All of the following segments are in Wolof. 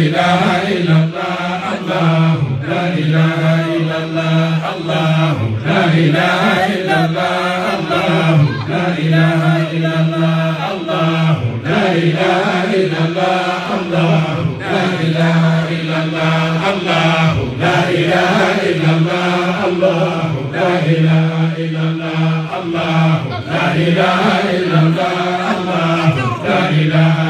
ilaha illallah Allahu la ilaha illallah Allahu la ilaha illallah Allahu la ilaha illallah Allahu la ilaha illallah Allahu la ilaha illallah Allahu la ilaha illallah Allahu la ilaha illallah Allahu la ilaha illallah Allahu la ilaha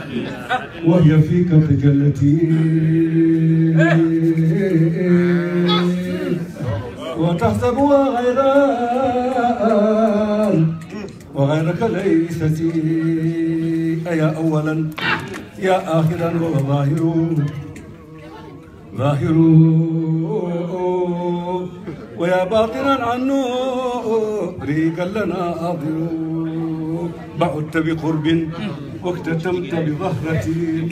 وهي فيك تجلتي وتحسبها غيران وغيرك ليست يا أولا يا آخرا وظاهر ظاهر ويا باطنا عنه ريقا لنا أظهر بعدت بقرب واختتمت بظهرتي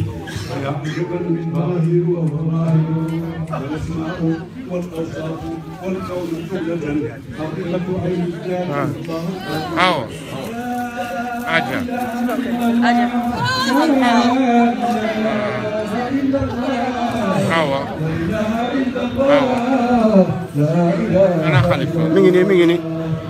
ويعجبا الظاهر وظاهر والاسماء والاوصاف والكون جملة حقيقة عين الجاه أو أجل أجل أو أو أنا خليفة مين مين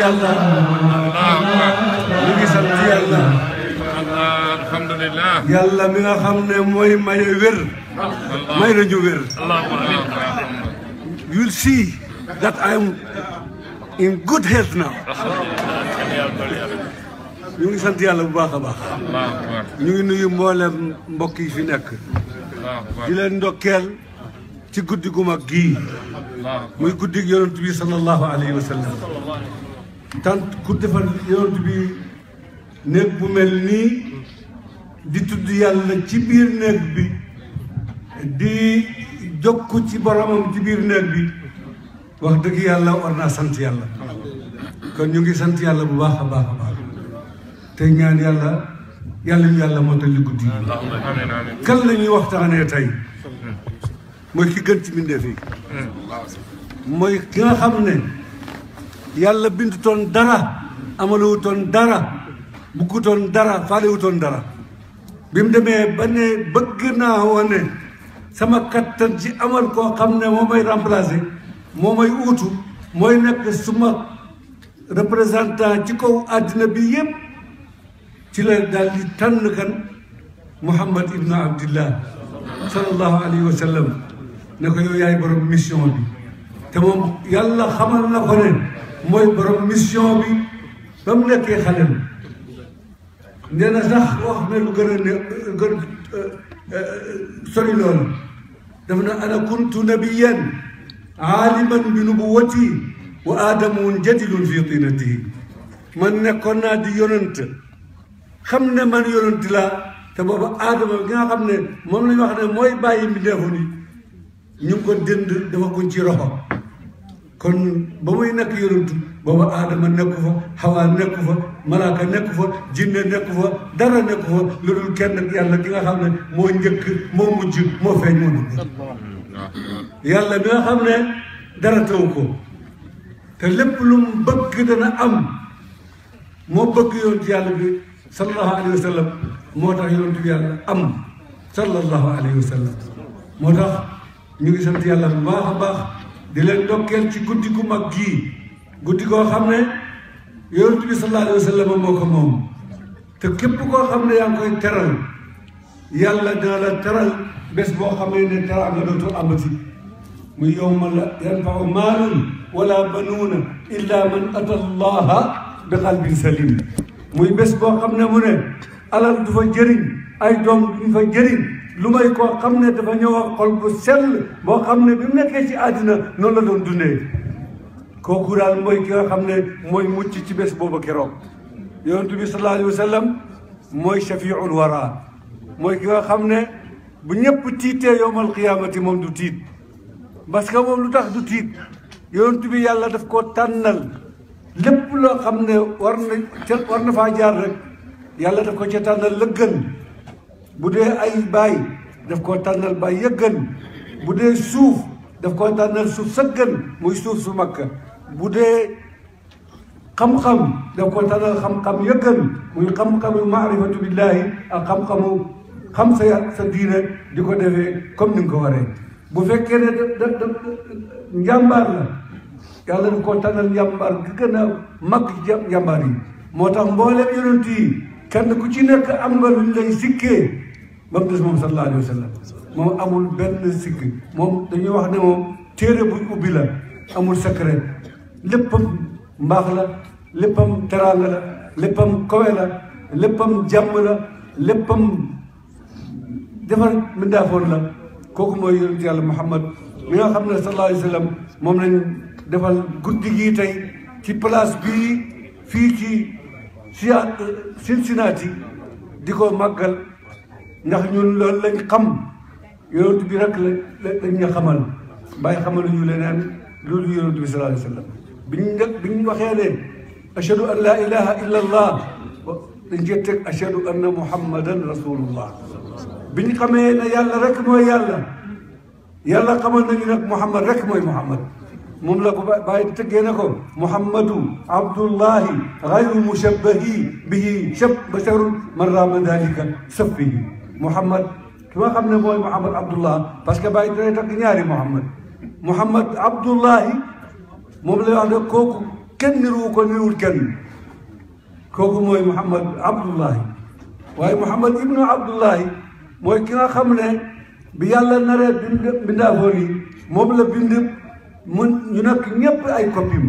yàlla. ñu ngi sant yàlla. alhamdulilah. yàlla mi nga xam ne mooy maye wér. may nañu wér. you will see that I am in good health now. ñu ngi sant yàlla bu baax a baax. ñu ngi nuyu mboolem mbokk yi fi nekk. di leen ndokkeel ci guddi gu mag gii. muy guddi yonent bi sallallahu alayhi wa sallam. tant ku defar yoon bi néeg bu mel nii di tudd yàlla ci biir néeg bi di jokku ci boromam ci biir néeg bi wax dëgg yàlla war naa sant yàlla kon ñu ngi sant yàlla bu baax a baax a baax te ñaan yàlla yàlla ñu yàlla moo tax li guddi kan la ñuy waxtaanee tey mooy ki gën ci mbindeef yi mooy ki nga xam ne yàlla bindutoon dara amaluwutoon dara buggutoon dara faalewutoon dara bi mu demee ba ne bëgg naa wane sama kattan ci amal koo xam ne moo may remplacer moo uutu mooy nekk suma représentant ci kaw àddina bi yëpp ci la daal di tànn kan Muhammad ibnu Abdillah sallallahu alayhi wa sallam ne ko yow yaay borom mission bi te moom yàlla na ko ne mooy borom mission bi ba mu nekkee xale bi na sax wax na lu gën a ne na euh, euh, ana kuntu nabiyan aaliman bi nubuwati wa aadamun jadilun fi tinatihi man nekkoon naa di yonant xam ne man yonant laa te booba aadama nga xam ne moom la ñu wax ne mooy bàyyi mbindeefu ni ñu ngi ko dënd dafa ko ci roxo kon ba muy nekk yonantu booba a nekk fa a nekk fa malaaka nekk fa jinne nekk fa dara nekk fa lu dul kenn ak yàlla ki moo njëkk moo mujj moo feeñ moo dugg yàlla bi nga xam ne dara taw ko te lu mu bëgg dana am moo bëgg yonent yàlla bi sallallahu alayhi wa di leen ndokkeel ci guddi gu mag gii guddi goo xam ne yonent bi sallallahu alayhi wa moo ko moom te képp koo xam ne yaa ngi koy teral yàlla dina la teral bes boo xam ne ne teral nga dootul amati mu yowma la yanfau maalun wala banuuna illa man ata allaha bi qalbin salim muy bés boo xam ne mu ne alal du fa jëriñ ay doom duñ fa jëriñ lu may koo xam ne dafa ñëw ak xol boo xam ne bi àddina noonu la doon dundee kooku daal mooy ki nga xam ne mooy mucc ci bés boobu keroog yonent bi sallallahu alayhi wa mooy shafiul wara mooy ki nga xam ne bu ñëpp tiitee yowmal qiyaamati moom du tiit parce que moom lu tax du tiit yonent bi yàlla daf koo tànnal lépp loo xam ne war na war na faa rek yàlla daf ko ca tànnal la gën bu dee ay baay daf koo tànnal baay ya gën bu dee suuf daf koo tànnal suuf sa gën muy suuf su mag bu dee xam-xam daf koo tànnal xam-xam ya gën muy xam-xamu maarifatu billahi ak xam-xamu xam ya sa diine di ko defee comme ni nga ko waree bu fekkee ne da da njàmbaar la yàlla daf koo tànnal njàmbaar gi gën a mag njàmbaar yi moo tax mboolem yonent yi kenn ku ci nekk am nga luñ lay sikkee ba mu des moom sallallahu alayhi wa sallam moom amul benn sikk moom dañuy wax ne moom téere bu ubbi la amul secret léppam mbaax la léppam teraanga la léppam kawe la léppam jàmm la léppam defar mindaafoon la kooku mooy yonent yàlla Muhammad mi nga xam ne sallallahu moom lañ defal guddi gii tey ci place bii fii ci Cincinnati di ko màggal ndax ñun loolu lañ xam yonent bi rek la lañ ñu xamal bàyyi xamalu ñu leneen loolu yonent bi sallallahu alayhi wa sallam biñ nag biñ waxee ne ashhadu an la ilaha illa allah dañ cee teg ashhadu anna muhammadan rasulullah biñ xamee ne yàlla rek mooy yàlla yàlla xamal nañu nag muhammad rek mooy muhammad moom la ko bàyyi tëggee na ko muhammadu abdullahi gayru mushabbahi bihi shab basharun man raama dalika sabbihi Mouhamad ki nga xam ne mooy Mouhamad Abdullah parce que bàyyi dina takk ñaari Mouhamad Mouhamad Abdullahi moom la wax ne kooku kenn niruwu ko niruwul kenn kooku mooy Mouhamad Abdullahi waaye Mouhamad ibnu Abdullahi mooy ki nga xam ne bi yàlla naree bind bindaafoon yi moom la bind mun ñu nekk ñëpp ay copim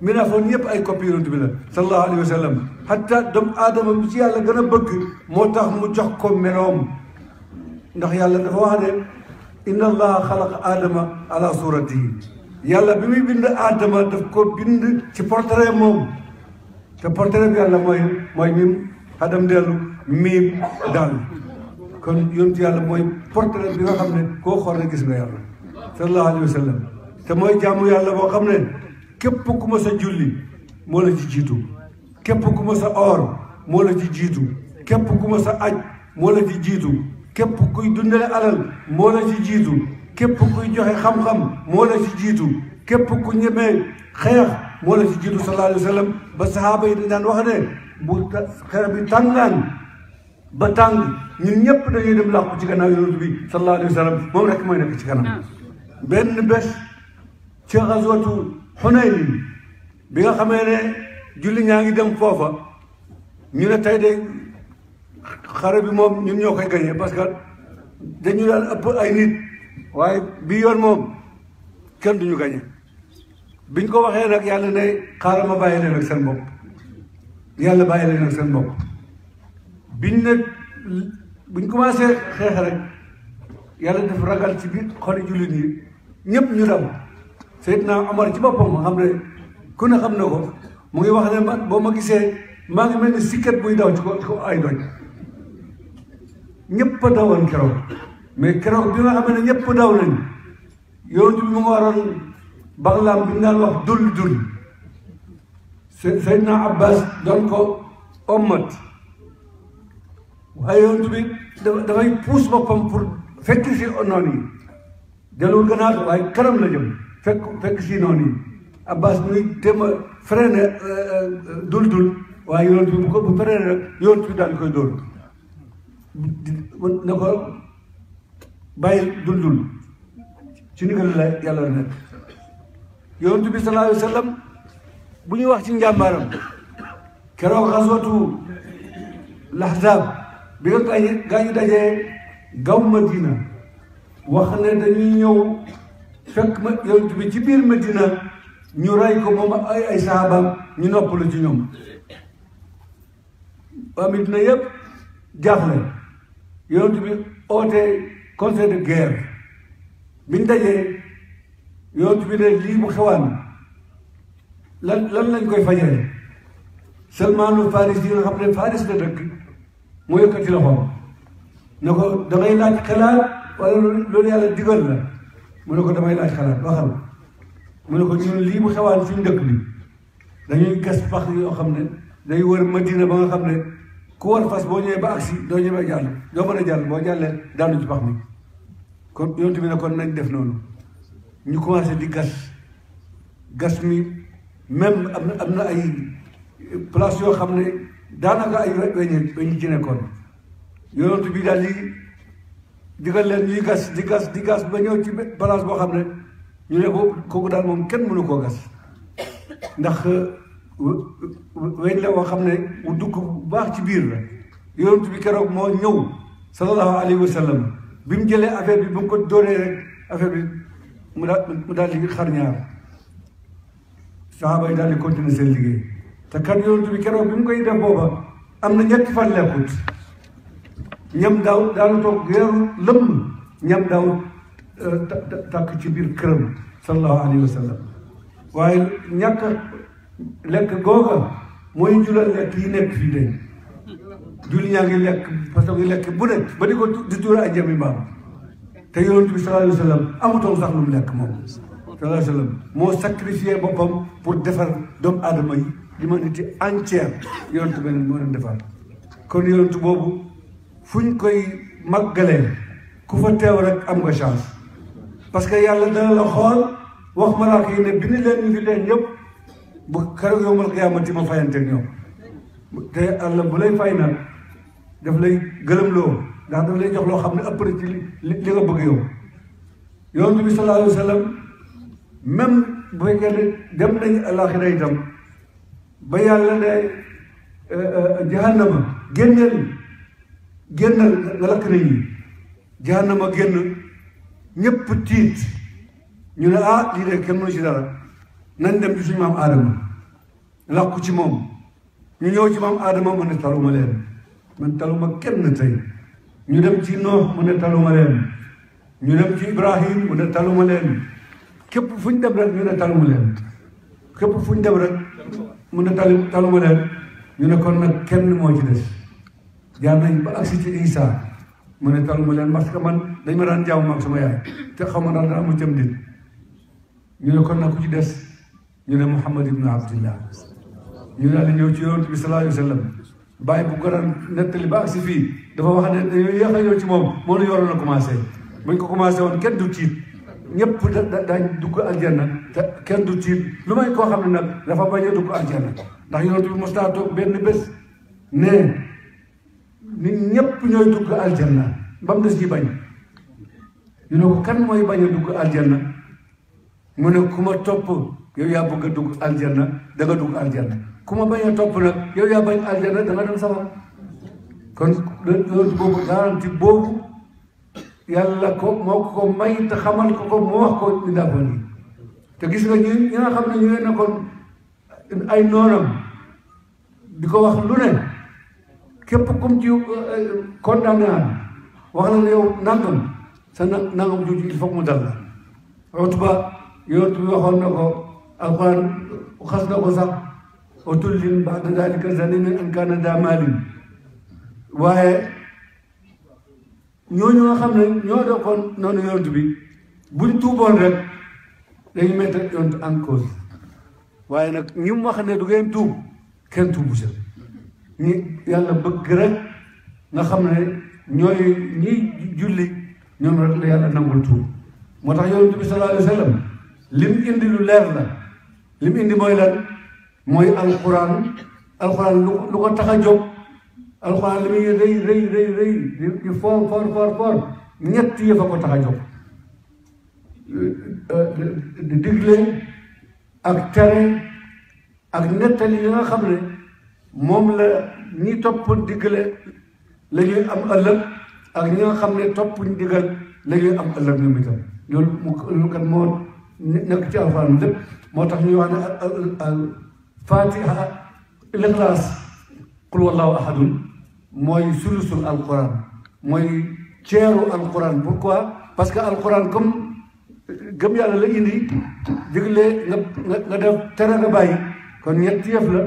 minaafoon yëpp ay copie yonent bi la sallallahu alayhi wa sallam hatta doomu aadama bi ci yàlla gën a bëgg moo tax mu jox ko meloom ndax yàlla dafa wax ne inna allaha xalaqa aadama ala suratihi yàlla bi muy bind aadama daf ko bind ci portrait moom te portrait bi yàlla mooy mooy mim hadam dellu miim daal kon yonent yàlla mooy portrait bi nga xam ne koo xool rek gis nga yàlla sallallahu alayhi wa sallam te mooy jaamu yàlla boo xam ne képp ku ma sa julli moo la ci jiitu képp ku ma sa oor moo la ci jiitu képp ku ma sa aj moo la ci jiitu képp kuy dundale alal moo la ci jiitu képp kuy joxe xam-xam moo la ci jiitu képp ku ñemee xeex moo la ci jiitu sallallahu alayhi wa sallam ba sahaaba yi dañ daan wax ne bu xeex bi tàngaan ba tàng ñun ñëpp dañuy dem làqu ci gannaaw yonent bi sallallahu alayhi moom rek mooy nekk ci kanam benn bés ci xaswatu Hunayn bi nga xamee ne julli ñaa ngi dem foofa ñu ne tey de xare bi moom ñun ñoo koy gañee parce que dañu daan ëpp ay nit waaye bii yoon moom kenn duñu gañe biñ ko waxee nag yàlla ne xaaral ma bàyyi leen ak seen bopp yàlla bàyyi leen seen bopp biñ ne buñ commencé xeex rek yàlla def ragal ci bi xoli jullit yi ñëpp ñu daw Seydina Omar ci boppam nga xam ne ku ne xam na ko mu ngi wax ne man boo ma gisee maa ngi mel ni sikkat buy daw ci ko ci ko ay doj ñëpp a dawoon keroog mais keroog bi nga xam ne ñëpp daw nañ yonent bi mu nga waroon baxlaam bi ñu daan wax dul dul Seydina Abbas doon ko ommat waaye yonent bi dafay puus boppam pour fekk si noon yi delul gannaaw waaye kanam la jëm fekk si noonu yi Abbas muy téema freiné euh, euh, dul dul waaye yoon bi bu ko bu bi daal di koy dóor na ko dul dul ci ndigal la yàlla la nekk yonent bi sallallahu alayhi bu ñuy wax ci njàmbaaram keroog xaswatu laxzaab bi nga gaa ñu dajee gaw Madina wax ne dañuy ñëw fekk ma yonent bi ci biir Medina ñu rey ko moom ay ay sahabaam ñu noppalu ci ñoom waa Medina yëpp jaaxle yonent bi oote conseil guerre biñ dajee yonent bi ne lii bu xewaan lan lan lañ koy fajee Salmaanu Faris yi nga xam ne Faris la dëkk mu yëkkati loxoom ne ko da ngay laaj xalaat wala loolu yàlla digal la mu ne ko damay laaj xalaat waxal mu ne ko ñun lii mu xewaan suñu dëkk bi dañuy gas pax yoo xam ne day wër madina ba nga xam ne ku war fas boo ñëwee ba agsi doo ñëwee jàll doo mën a jàll boo jàllee daanu ci pax mi kon yonent bi ne kon nañ def noonu ñu commencé di gas gas mi même am na am na ay place yoo xam ne daanaka ay weñ weñ ci nekkoon yonent bi daal di digal leen ñuy gas di gas di gas ba ñëw ci balance boo xam ne ñu ne ko kooku daal moom kenn mënu koo gas ndax euh, weñ la boo xam ne mu dugg bu baax ci biir la yonent bi keroog moo ñëw sallallahu alayhi wa bi mu jëlee affaire bi ba mu ko doonee rek affaire bi mu daal mu dal di xar ñaar saxaaba yi daal di continuer seen liggéey te kan yonent bi keroog bi mu koy def booba am na ñetti fan lekkut ñam daaw daana toog weeru lëmm ñam daaw euh, takk ci biir këram sallallahu alayhi wa sallam waaye ñàkk lekk googa mooy julal lekk yi nekk fii de julli ñaa ngi lekk façon ngi lekk bu ne ba di ko di tuura ak jami te yonent bi sallallahu alayhi wa sallam sax lu mu lekk moom moo sacrifié boppam pour defar doomu aadama yi l'humanité entière yonent bi moo leen defar kon yonent boobu fu ñu koy màggalee ku fa teew rek am nga chance parce que yàlla dana la xool wax malaaka yi ne bi ni leen ñu fi leen yëpp bu keroog yowmal qiyaamati ma fayante ñoom te yàlla bu lay fay daf lay gëlëmloo ndax daf lay jox loo xam ne après ci li li nga bëgg yow yonent bi sallallahu alayhi wa sallam même bu fekkee ne dem nañu àlaxira itam ba yàlla ne eh, eh, jahannama génneel génnal nga lakk nañu jahannama génn ñëpp tiit ñu ne a ah, lii de kenn mënu ci dara nañ dem ci suñu maam aadama làkku ci moom ñu ñëw ci maam aadama mu ne taluma leen man taluma kenn tey ñu dem ci noox mu ne taluma leen ñu dem ci ibrahim mu ne taluma leen képp fu ñu dem rek ñu ne taluma leen képp fu ñu dem rek mu ne tal taluma leen ñu ne kon nag kenn moo ci des jaar nañ ba agsi ci Isa mu ne taluma leen parce que man dañ ma daan jaamu maag sama yaay te xaw ma daal dana mu jëm nit ñu ne kon nag ku ci des ñu ne Muhammad ibnu Abdillah ñu daal di ñëw ci yonent bi sallallahu alayhi wa sallam bàyyi bu ko daan nettali ba agsi fii dafa wax ne dañoo yéex a ñëw ci moom moo nu yoroon a commencé buñ ko commencé woon kenn du tiit ñëpp da daañ dugg aljanna te kenn du tiit lu may koo xam ne nag dafa bañ a dugg aljanna ndax yonent bi mos naa toog nit ñépp ñooy dugg aljanna ba mu des bañ ñu ne kan mooy bañ a aljanna mu ne ku ma topp yow yaa bëgg a dugg aljanna da nga dugg aljanna ku ma bañ a topp nag yow yaa bañ aljanna da nga dem kon loolu boobu garanti boobu ko moo ko may te xamal ko ko moo wax ko ñu dàbbal yi te gis nga ñu ñi nga xam ne ñu ne nekkoon ay noonam di ko wax lu ne képp kum ci euh, euh, condamné wax na ne yow nangam sa nangam jooju il faut mu dal la otuba yonent na ko alquran xas na ko sax otullin ba'da dalika zanimin an kaana daa maalin waaye ñooñu nga ñoo doxoon noonu yonent bi buñ tuuboon rek dañu mettre yonent en cause waaye nag ñi mu wax ne du ngeen tuub kenn tuubu ñi yàlla bëgg rek nga xam ne ñooy ñiy julli ñoom rek la yàlla nangul tuub moo tax yonent bi sallallahu alayhi wa lim indi lu leer la lim indi mooy lan mooy alquran alquran lu ko tax a jóg alquran li muy rëy rëy rëy rëy di for for for for ñett yëf a ko tax a jóg euh, euh, digle ak tere ak nettali yi nga xam ne moom la ñi toppoon diggale la ñuy am ëllëg ak ñi xam ne toppuñ diggal la ñuy am ëllëg ñoom itam loolu mu kat moo nekk ci alxuraan lépp moo tax ñuy wax ne al fatiha lixlaas qul wallahu ahadun mooy sulusul alquran mooy ceeru alquran pourquoi parce que alquran comme gëm yàlla la indi digle nga nga def tere nga bàyyi kon ñetti yëf la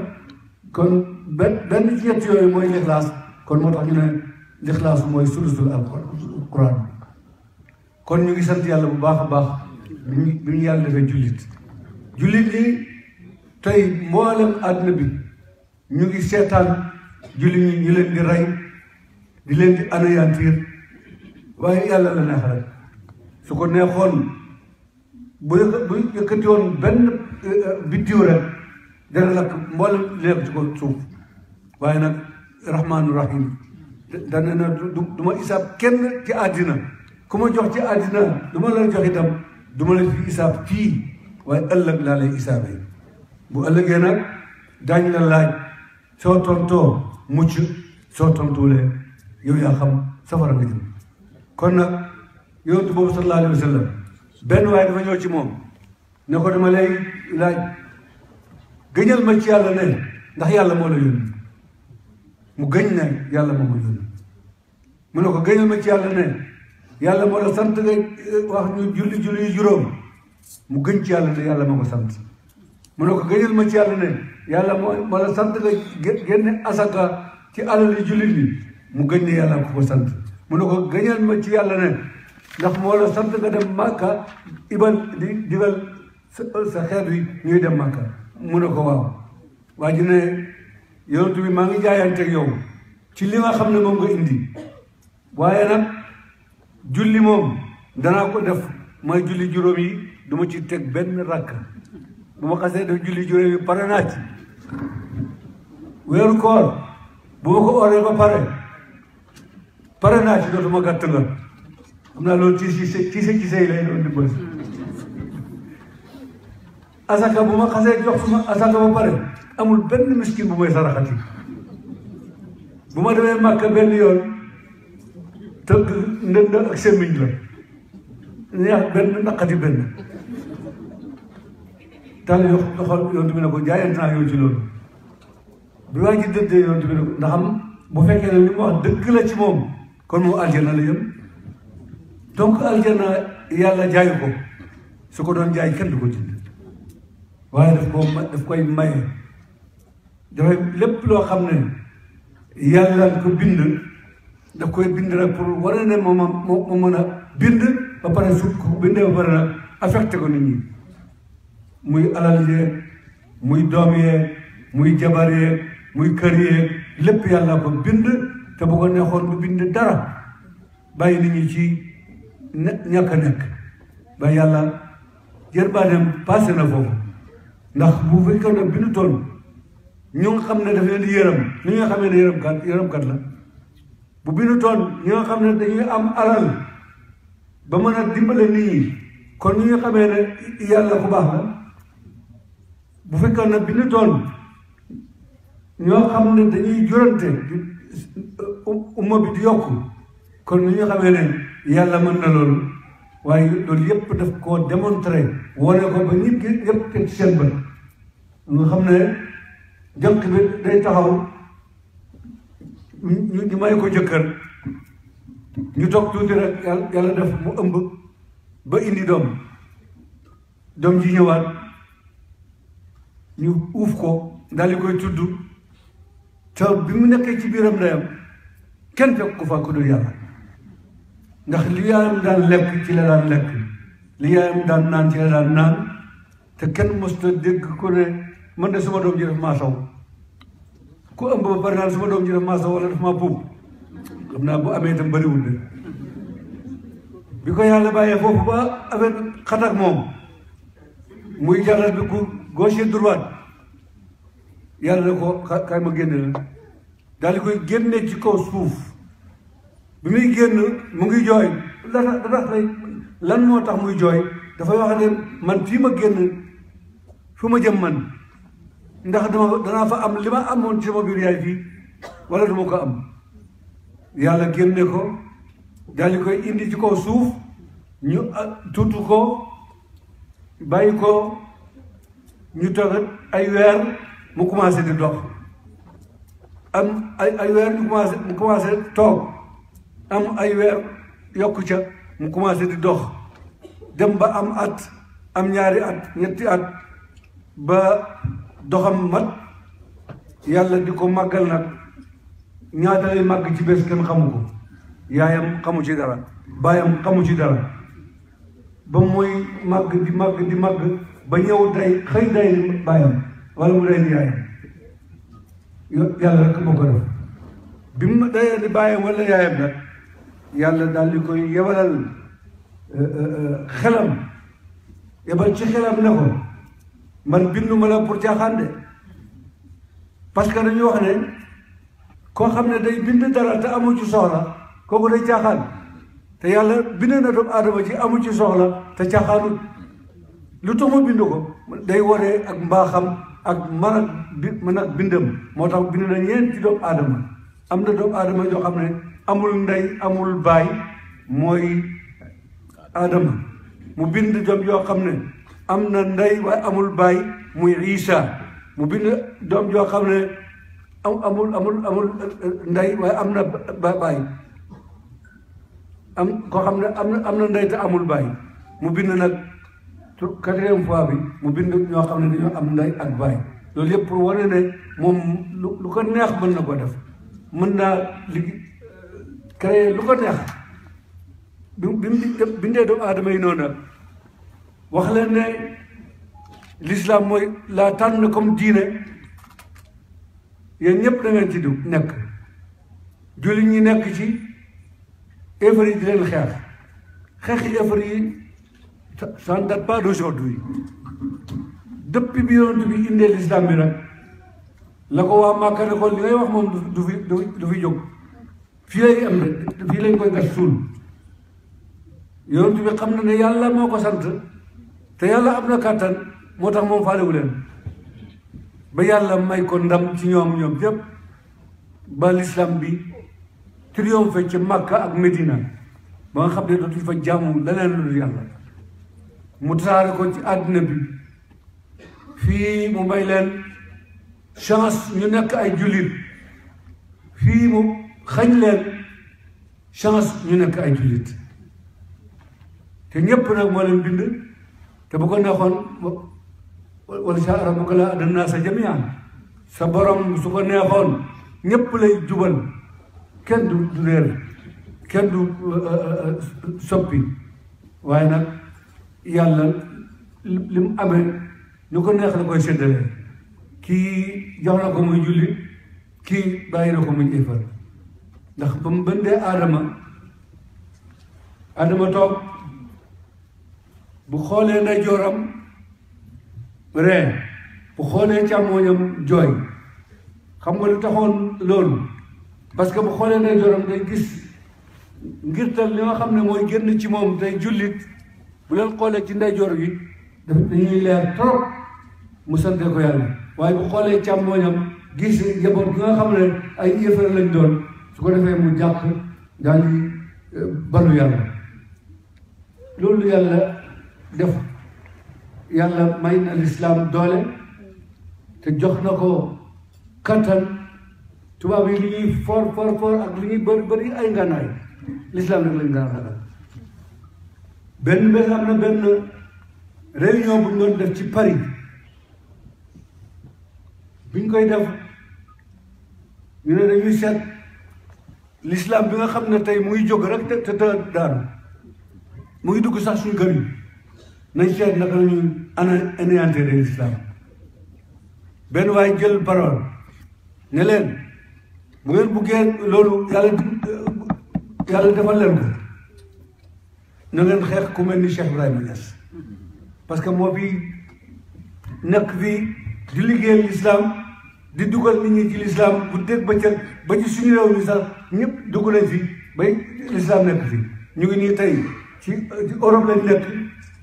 kon benn benn ci ñett yooyu mooy lixlaas kon moo tax ñu ne lixlaas mooy sulusul alquran kon ñu ngi sant yàlla bu baax a baax ñu yàlla defee jullit jullit yi tey mboolem àdduna bi ñu ngi seetaan jullit ñu leen di rey di leen di anéantir waaye yàlla la neex rek su ko neexoon bu bu yëkkati woon benn eh, eh, biddiw rek dana lakk mboolem lépp ci ko suuf waaye nag rahmaanu rahim dana na du du ma ci àddina ku ma jox ci àddina du ma la jox itam du ma la fi isaab fii waaye ëllëg laa lay isaabee bu ëllëgee nag daañu la laaj soo tontoo mucc soo tontuulee yow yaa xam safara nga kon nag yonent boobu sallallahu alayhi benn waaye dafa ñëw ci moom ne ko dama lay laaj gëñal ma ci yàlla ne ndax yàlla moo la yónni mu gëñ ne yàlla moo ma ko gëñal ma yàlla moo sant nga wax mu gëñ ci yàlla ne yàlla moo ko sant mu ne ma ci yàlla ne yàlla moo moo la sant nga génne asaka ci alal yu bi mu gëñ ne yàlla ko ko sant mu ne ko gëñal ma ci yàlla ne ndax moo la sant nga dem màkka ibal di dibal sa xeet yi ñuy dem màkka mu ne ko waaw waa ji ne yonent bi maa ngi jaayante ak yow ci li nga xam ne moom nga indi waaye nag julli moom danaa ko def mooy julli juróom yi du ma ci teg benn rakk bu ma xasee def julli juróom yi pare naa ci weeru koor bu ma ko oree ba pare pare naa dootuma gàtt nga xam naa loolu ci ci ci lay doon di asaka bu ma xasee jox suma asaka ba pare amul benn miskin bu may saraxati bu ma demee màkk benn yoon tëgg ndënd ak semmiñ la neex benn naqati benn tal yo doxal yontu bi ne ko jaayante naa yow ci loolu bi waa ji dëddee yontu bi ne ko ndax bu fekkee ne li mu wax dëgg la ci moom kon moom aljana la yëm donc aljana yàlla jaayu ko su ko doon jaay kenn du ko jënd waaye daf koo daf koy maye dafay lépp loo xam ne yàlla ko bind daf koy bind rek pour wane ne moom moo mën a bind ba pare su ko ba nit ñi muy alal yeeg muy doom yeeg muy jabar yeeg muy kër yeeg lépp yàlla ko bind te bu ko neexoon bu bind dara bàyyi nit ñi ci ñàkk a nekk ba yàlla jër baa dem passé na foofu ndax bu fekkoon ne bi ñu toll ñoo xam ne daf leen di yërëm nga xamee ne yërëmkat yërëmkat la bu bi ñu toll ñi xam ne dañuy am alal ba mën a dimbale nit kon ñi xamee ne ku baax la bu fekkoon ne ñoo xam ne dañuy jurante umma bi di yokk kon ñi nga xamee ne yàlla mën na loolu waaye loolu yëpp daf koo démontré wane ko ba ñëpp yëpp teg seen bët nga xam ne jant bi day taxaw ñu ñu may ko jëkkër ñu toog tuuti rek yàlla yàlla def mu ëmb ba indi doom doom ji ñëwaat ñu uuf ko daal di koy tudd te bi mu nekkee ci biiram ndeyam kenn fekk ko fa ko yàlla ndax li yaayam daan lekk ci la daan lekk li daan naan ci la daan naan te kenn mësta dégg ku ne man de sama doom ji def maa saw ku ëmb ba bari naan sama doom ji def maa saw wala maa puub amee itam bëriwul de bi ko yàlla bàyyee foofu ba avec xatak moom muy jàllal bi ku gauche droite yàlla na ko kaay ma génne la daal di koy génne ci kaw suuf bi muy génn mu ngi jooy lan moo tax muy jooy dafa wax ne man fii ma génn fu ma jëm man ndax dama danaa fa am li ma amoon ci sama biir yaay fii wala du ma ko am yàlla génne ko daal ko koy indi ci kaw suuf ñu ah, tudd ko bàyyi ko ñu toog ay weer mu commencé di dox am ay ay weer ñu commencé mu commencé toog am ay weer yokku ca mu commencé di dox dem ba am at am ñaari at ñetti at ba doxam mat yàlla di ko màggal nag ñaata lay màgg ci bés kenn xamu ko yaayam xamu ci dara ci dara ba mooy màgg di màgg di màgg ba ñëw day xëy day baayam wala mu day yaayam yàlla rek moo ko bi mu dayee di baayam wala yaayam nag yàlla daal di koy yebalal euh, euh, euh, xelam yebal ci xelam ne ko man bindu ma la pour caaxaan de parce que dañu wax ne koo xam ne day bind dara te amu ci soxla kooku day caaxaan te yàlla bind na doomu aadama ci amu ci soxla te caaxaanul lu tax bind ko day waree ak mbaaxam ak man ak bi mën a bindam moo tax bind na ci doomu aadama am na doomu aadama joo xam ne amul ndey amul baay mooy Adama mu bind jom yoo xam ne am na ndey waaye amul baay muy Isa mu bind doom yoo xam ne amul amul amul eh, ndey waaye am na baay am koo xam ne am na am na ndey te amul baay mu bind nag quatrième fois bi mu bind ñoo xam ne dañoo am ndey ak baay loolu yëpp pour wane ne moom lu ko neex mën na ko def mën naa créé lu ko neex bi bi bindee doomu aadama yi noonu wax leen ne l'islam mooy laa tànn comme diine yéen ñëpp da ci du nekk jullit ñi nekk ci effort yi di leen xeex xeexi effort yi ça de date pas d'aujourd'hui depuis bi yonent bi indee l'islam bi nag la ko waa Màkka ne ko li ngay wax moom du fi du fi jóg fii lay am nag fii lañ koy gas suul yonent bi xam na ne yàlla moo ko sant te yàlla am na kàttan moo tax moom faalewu leen ba yàlla may ko ndam ci ñoom ñoom yëpp ba l'islam bi triomphe ci Makka ak Medina ba nga xam ne dootuñ fa jaamu leneen lu yàlla mu tasaare ko ci àddina bi fii mu may leen chance ñu nekk ay jullit fii mu xañ leen chance ñu nekk ay jullit te ñëpp nag moo leen bind te bu ko neexoon wala sa rabbuka la adanaa sa jamian sa borom su ko neexoon ñëpp lay jubal kenn du du kenn du euh, euh, euh, soppi waaye nag yàlla li mu amee ñu ko neex la koy séddale kii jox na ko muy jullit kii bàyyi na ko muy jéefar ndax ba mu bëndee aadama aadama toog bu xoolee na jooram ree bu xoolee càmmooñam jooy xam nga lu taxoon loolu parce que bu xoolee na jooram day gis ngir ngirtal li nga xam ne mooy génn ci moom tey jullit bu leen xoolee ci ndeyjoor yi daf dañuy leer trop mu sante ko yàlla waaye bu xoolee càmmooñam gis njaboot gi nga xam ne ay yëfar lañ doon su ko defee mu jàpp daal di euh, balu yàlla loolu yàlla def yàlla may na lislaam doole te jox na ko kattan tubaab yi li ñuy for for for ak li ñuy bëri bëri ay nganaay lislaam rek lañ ngaa ragal benn benn réunion bu ñu def ci Paris bi koy def ñu ne dañuy seet l'islam bi nga xam ne tey muy jóg rek te te daanu muy dugg sax suñu kër yi nañ seet naka la ñuy anéantir l'islam benn waay jël parole ne leen bu ngeen buggee loolu yàlla yàlla defal leen ko na ngeen xeex ku mel ni Cheikh Ibrahima Niass parce que moo bi nekk bi di liggéeyal l'islam di dugal nit ñi ci lislaam bu dégg ba cël ci suñu réew mi sax ñëpp dugg nañ fi bay lislaam nekk fi ñu ngi nii tey ci Europe lañ nekk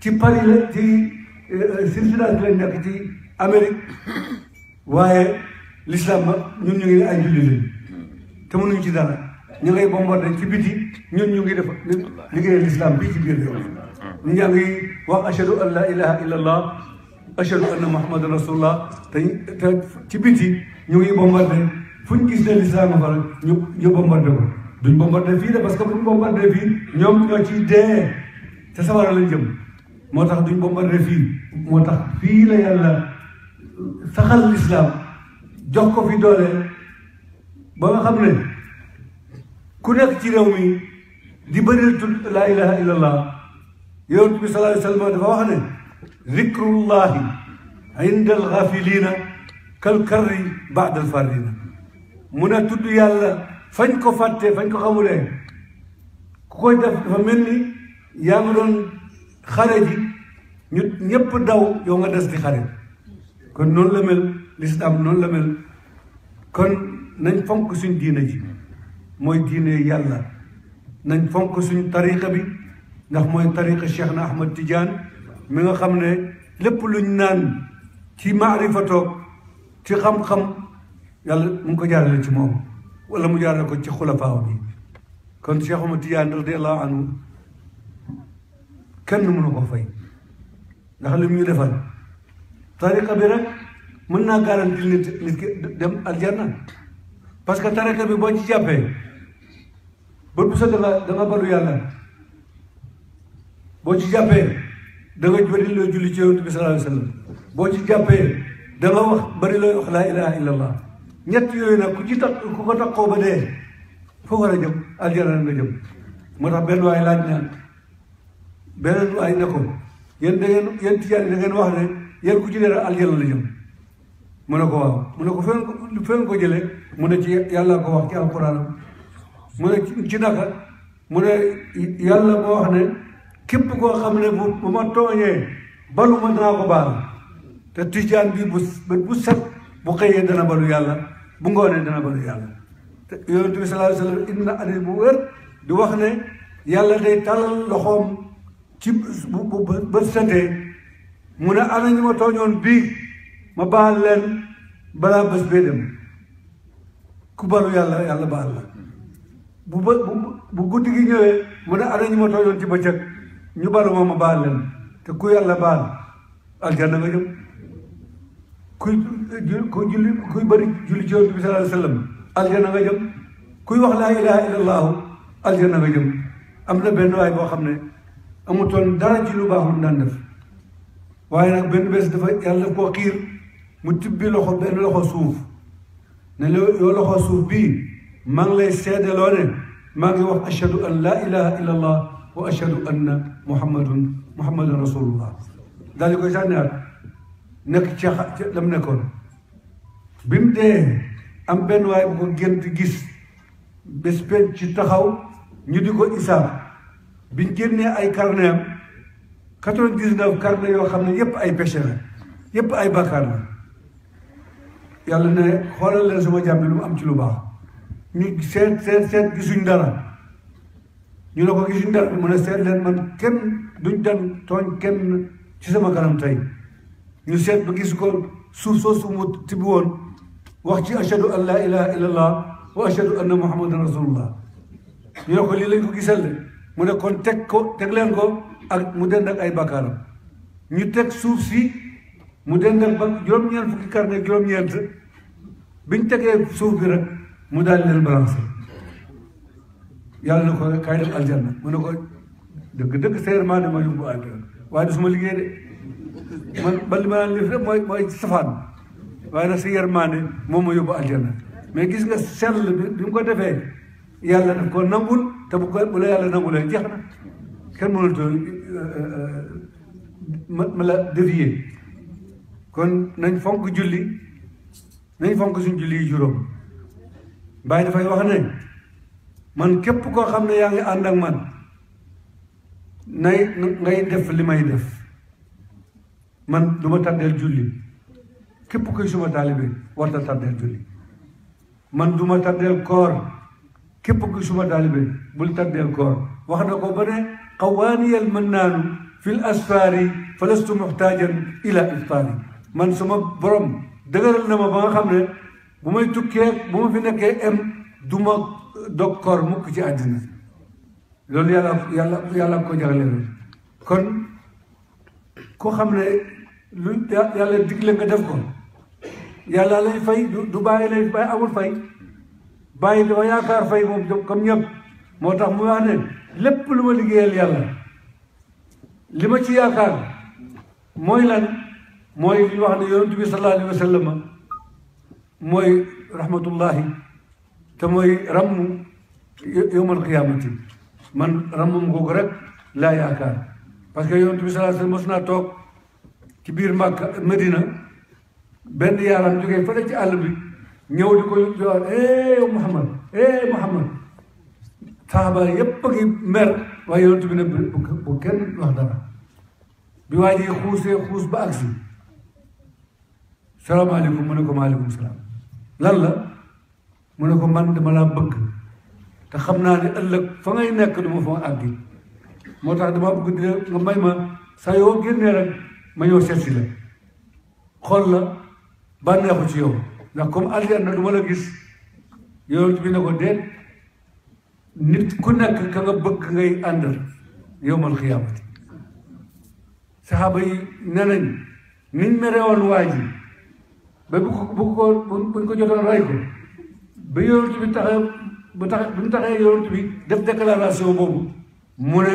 ci Paris la ci euh, Cincinnati lañ nekk ci Amérique waaye lislaam ba ñun ñu ngi ay jullit lañ te mënuñ ci dara ñu ngay bombardé ci biti ñun ñu ngi def liggéeyal lislaam bii ci biir réew mi ñu ngi wax ashadu an la ilaha illa allah ashhadu anna muhammadan rasulullah te ci biti ñu ngi bombardé fu ñu gis ne lislaam a faral duñ bombardé fii de parce que buñ fii ñoo ciy dee moo tax duñ bombardé fii moo tax fii la yàlla saxal lislaam jox ko fi doole ba nga ku nekk ci réew mi di bëri tudd laa ilaha illallah yonent bi sallallahu alayhi wax ne zikrullahi indal ghafilina kal karri ba'dal farrina mu ne tudd yàlla fañ ko fàtte fañ ko xamulee ku koy def mel ni yaa ngi doon xare ji daw yow nga des di xare kon noonu la mel lislaam noonu la kon nañ fonk suñ diine mooy diine yàlla nañ fonk suñ tariqa bi ndax mooy tariqa Cheikh na Ahmad Tidiane mi nga xam ne lépp luñ naan ci maarifatoog ci xam-xam yàlla mu ngi ko jaarale ci moom wala mu jaarale ko ci xulafaaw bi kon Cheikh Ahmad Tidiane radiallahu anhu kenn mënu ko fay ndax li mu ñu defal tariqa bi rek mën naa garanti nit nit ki dem parce que tariqa bi boo ci jàppee bët bu danga danga balu yàlla boo ci jàppee da nga bëri looy julli ci yonent bi sallallahu alayhi wa boo ci jàppee da nga wax bëri looy wax laa ilaha illallah ñett yooyu nag ku ci tax ko taxoo ba dee foo war a jëm moo tax benn waay laaj na beneen waay ne ko yéen da ngeen yéen tijaan wax ne yéen ku ci dee aljana la jëm mu ne ko waaw mu ne ko feen feen ko jëlee mu ne ci yàlla ko wax ci alquran mu ne ci naka mu ne yàlla moo wax ne képp koo xam ne bu bu ma tooñee balu ma danaa ko baal te tijaan bi bu set bu xëyee dana balu yàlla bu ngoonee dana balu yàlla te yonent bi sallallahu alayhi na hadis bu wér di wax ne yàlla day talal loxoom ne ana ñu ma tooñoon bii ma baal leen balaa bés bee dem ku balu yàlla yàlla baax la bu bu bu guddi gi ñëwee mu ne ana ñu ma tooñoon ci bëccëg ñu balu moom ma baal leen te ku yàlla baal aljanna nga jëm kuy ku julli kuy bëri julli ci yonent bi sallallahu alayhi wa sallam aljanna nga jëm kuy wax laa ilaha illallahu aljanna am na benn waay boo xam ne amutoon dara ci lu baax lu mu waaye nag benn bés dafa yàlla daf koo loxo benn loxo suuf ne suuf bii maa ngi lay seede loo maa ngi wax ashhadu an laa ilaha illallah wa ashhadu anna muhammadun muhammadun rasulullah daal di koy sànniwaat nekk ca la mu nekkoon bi mu dee am benn waay bu ko gént gis bés ci taxaw ñu di ko isaab biñ génnee ay carnet am quatre vingt dix yoo xam ne yépp ay péché la yépp ay bàkkaar la yàlla ne xoolal leen sama jàmm bi mu am ci lu baax ñu seet seet seet gisuñ dara ñu ne ko gisuñu dal bi mu seet leen man kenn duñ dal tooñ kenn ci sama kanam tey ñu seet ba gis ko suuf soo suuf mu tibb wax ci ashadu an laa ilaha illa allah wa ashadu anna muhammadan rasulullah ñu ne ko lii lañ ko gisal mu ne kon teg ko teg leen ko ak mu dend ak ay bakkaaram ñu teg suuf si mu dend ak ba juróom-ñeent fukki biñ tegee suuf bi rek mu daal leen balancer yàlla na ko kaay def aljanna mu ne ko dëgg dëgg seer ma yóbbu aljanna waaye du suma liggéey de man ba li ma naan def rek mooy safaan waaye nag si yermaane moom ma yóbbu aljanna mais gis nga sell bi bi mu ko defee yàlla na ko nangul te bu ko bu la yàlla nangulee jeex na kenn mënul too euh, euh, ma ma la dévier nañ fonk julli nañ suñ julli wax ne man képp koo xam ne yaa ngi ànd man ngay def li may def man du ma tàddeel julli képp koy suma taalibe warta tàddeel julli man du ma tàddeel koor képp koy suma taalibe bul tàddeel koor wax na ko ba ne xawaaniyal mën naanu fil asfaari falastu muxtaajan ila iftaari man suma boroom dëgëral na ma ba nga xam ne bu may tukkee bu ma fi nekkee em du dog koor mukk ci àddina loolu yàlla yàlla yàlla ko jagleel kon ku xam ne lu yàlla digle nga def ko yàlla lay fay du bàyyi lay bàyyi amul fay bàyyi dafa yaakaar fay moom moo tax mu wax ne lépp lu ma liggéeyal yàlla li ma ci yaakaar mooy lan mooy li wax ne yonent bi sallallahu alayhi wa mooy rahmatullahi te mooy ramm yowmal qiyaamati man rammam googu rek laa yaakaar parce que yonent bi sallallahu alayhi wasallam mos naa toog ci biir Makka Medina benn yaaram jógee fële ci àll bi ñëw di ko jowaat eh, eh Muhammad eh bi ne bu ba agsi salaamaaleykum la mu ne ko man dama laa bëgg te xam naa ne ëllëg fa ngay nekk du ma fa àggi moo tax dama bëgg di nga may ma saa yoo génnee rek ma ñëw seet si la xool la bànneexu ci yow ndax comme àljanna du ma la gis yonent bi ne ko déet nit ku nekk ka nga bëgg ngay àndal yowmal xiyaamati saxaaba yi ne nañ niñ merewoon ba bu ko bu ko buñ ko jotoon ray ko ba yonent bi taxa bu tax bi mu taxee yonent bi def déclaration boobu mu ne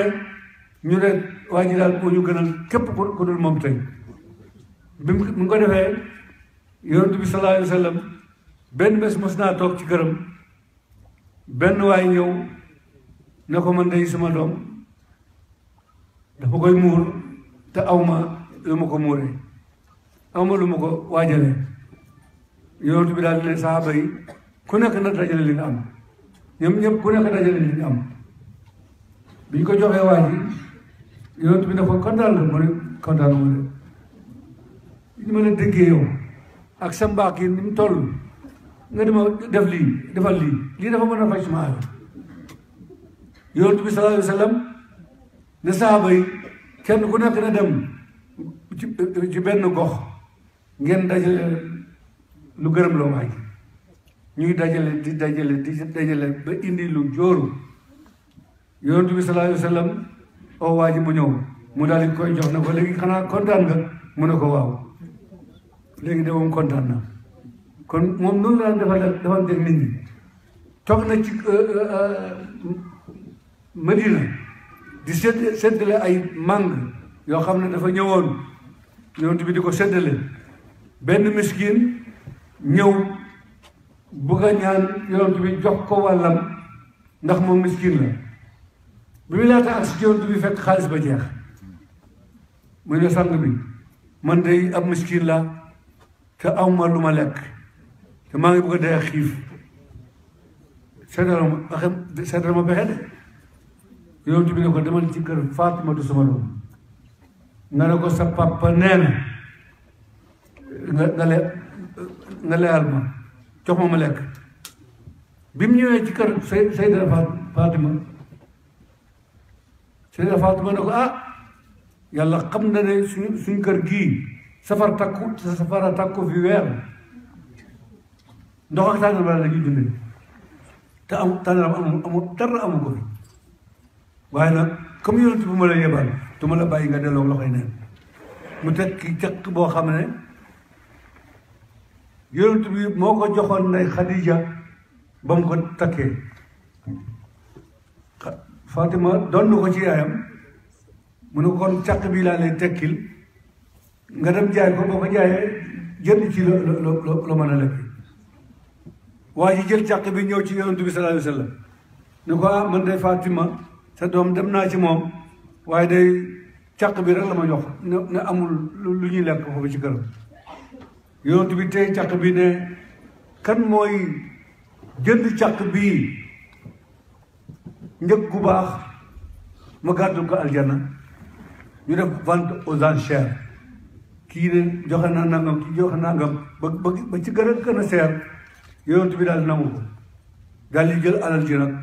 ñu ne waa ji daal koo ñu gënal képp ku dul moom tey bi mu ko defee yonent bi benn bés mos naa ci këram benn waay ñëw ko man day sama doom dafa koy te awma ko muuree bi daal ne saxaaba yi ku nekk na dajale li am ñoom ñëpp ku nekk dajale li am bi ñu ko joxee waa ji yonent bi dafa kontaan la mu ne kontaan mu ne ñu mën ak sa mbaax gi ni mu toll nga dima def lii defal lii lii dafa mën a faj suma aajo yonent bi sallallahu alayhi wa yi kenn ku nekk na dem ci benn gox ngeen dajale lu gërëm la ñuy dajale di dajale di dajale ba indi lu jóoru yonent bi sallallahu alayhi oo waa ji mu ñëw mu daal di koy jox na ko léegi xanaa kontaan nga mu ne ko waaw léegi de moom kontaan na kon moom noonu la dafa defal nit ñi toog na ci euh, euh, euh, Madina di sedd seddale ay màng yoo xam ne dafa ñëwoon yonent bi di ko seddale benn miskin ñëw bëgg ñaan ñaan yonent bi jox ko wàllam ndax moom miskin la bi mu laata ak si yonent bi fekk xaalis ba jeex mu ne sang bi man day ab miskin la te awma lu ma lekk te maa ngi bëgg a dee xiif seetal ma waxe seetal ma pexe bi ne ko demal ci kër ma du sama doom nga ne ko sa papa nee na nga le nga leyal ma jox ma ma lekk bi mu ñëwee ci kër Sey Seyda Fatima Seyda Fatima ne ko ah yàlla xam na ne suñ suñ kër gii safar takku safara takku fi weer ndox ak tànn bala dañuy dundee te am tànn amul amul dara amul ko fi waaye nag comme yonent bu ma la yebal du ma la bàyyi nga delloo loxoy neen mu tekki caq boo xam ne yonent bi moo ko joxoon nay Khadija ba mu ko takkee Fatima donn ko ci yaayam mu ne kon càq bi laa lay tekkil nga dem jaay ko boo ko jaayee jënd ci la la la mën a lekk waa ji jël càq bi ñëw ci yonent bi sallallahu alayhi wa sallam ne ko ah man de Fatima sa doom dem naa ci moom waaye day càq bi rek la ma jox ne amul lu ñuy lekk foofu ci këram yonent bi tey càq bi ne kan mooy jënd caq bi njëg gu baax ma gàddul ko aljana ñu def vente aux enchères kii ne joxe naa nangam kii joxe nangam ba ba ci gën a gën a seer yonent bi daal nangu ko daal di jël alal ji nag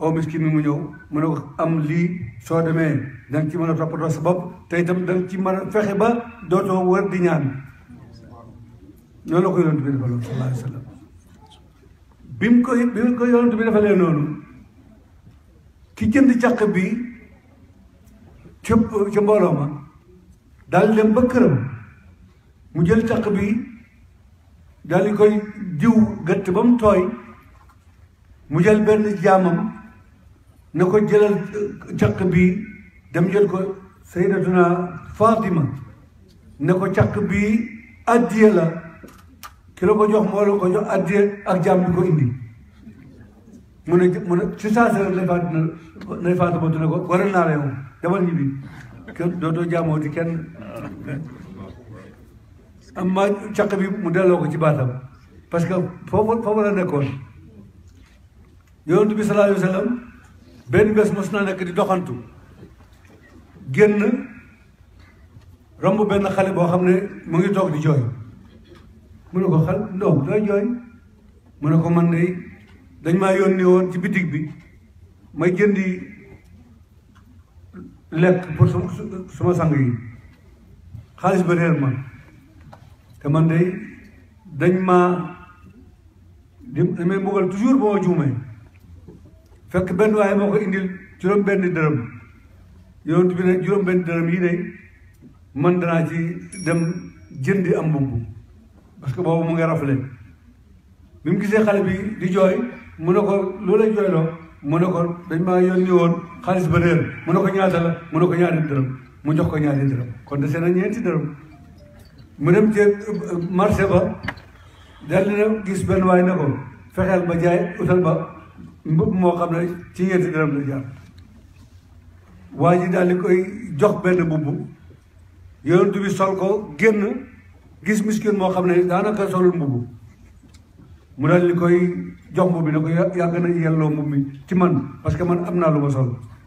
aw miskin mi mu ñëw mu ne ko am lii soo demee da ci mën a toppatoo sa bopp te itam da nga ci mën a fexe ba dootoo wër di ñaan noonu ko yonent bi defaloon sallallahu alayhi wa sallam bi ko bi mu ko defalee noonu ki jënd càq bi ca mbooloo ma daal dem ba mu jël càq bi daal di koy jiw gëtt ba mu tooy mu jël benn jaamam na ko jëlal càq bi dem jël ko sayyidatuna Fatima ne ko càq bi addiya la kilo ko jox moo la ko jox addiya ak jàmm bi ko indi mu ne mu ne si saa si rek lay fàtt lay ne ko wala naa dootoo jaamoo di kenn am caq bi mu delloo ko ci baatam parce que foofu foofu la nekkoon yonent bi sallallahu alayhi wa sallam benn bés naa nekk di doxantu génn romb benn xale boo xam ne mu ngi toog di jooy mu ne ko xal doom dooy jooy ne ko man de dañ maa yónnee woon ci bitig bi may jëndi lekk pour suma sang yi xaalis ba réer ma te man de dañ maa dañ may mbugal toujours boo ma juumee fekk benn waaye moo ko indil juróom benn dërëm yonent yi de man danaa ci dem jëndi am mbubb parce que boobu mu ngi rafle bi mu gisee xale bi di jooy mu ne ko loo lay jooyloo mu ne ko dañ maa yónni woon xaalis ba réer mu ne ko ñaata mu ne ko ñaari dërëm mu ko ñaari na ñeenti dërëm mu dem ci euh, marché ba dal dina gis benn waay ne ko fexeel ba jaay utal ba mbëpp moo xam ne ci ñeenti dërëm la jaar waa ji daal di koy jox benn mbubb yonent bi sol ko génn gis miskin moo xam ne daanaka solul mbubb mu dal li koy jox mbubb bi ne ko yàgg na yelloo mbubb bi ci man parce que man am naa lu ma sol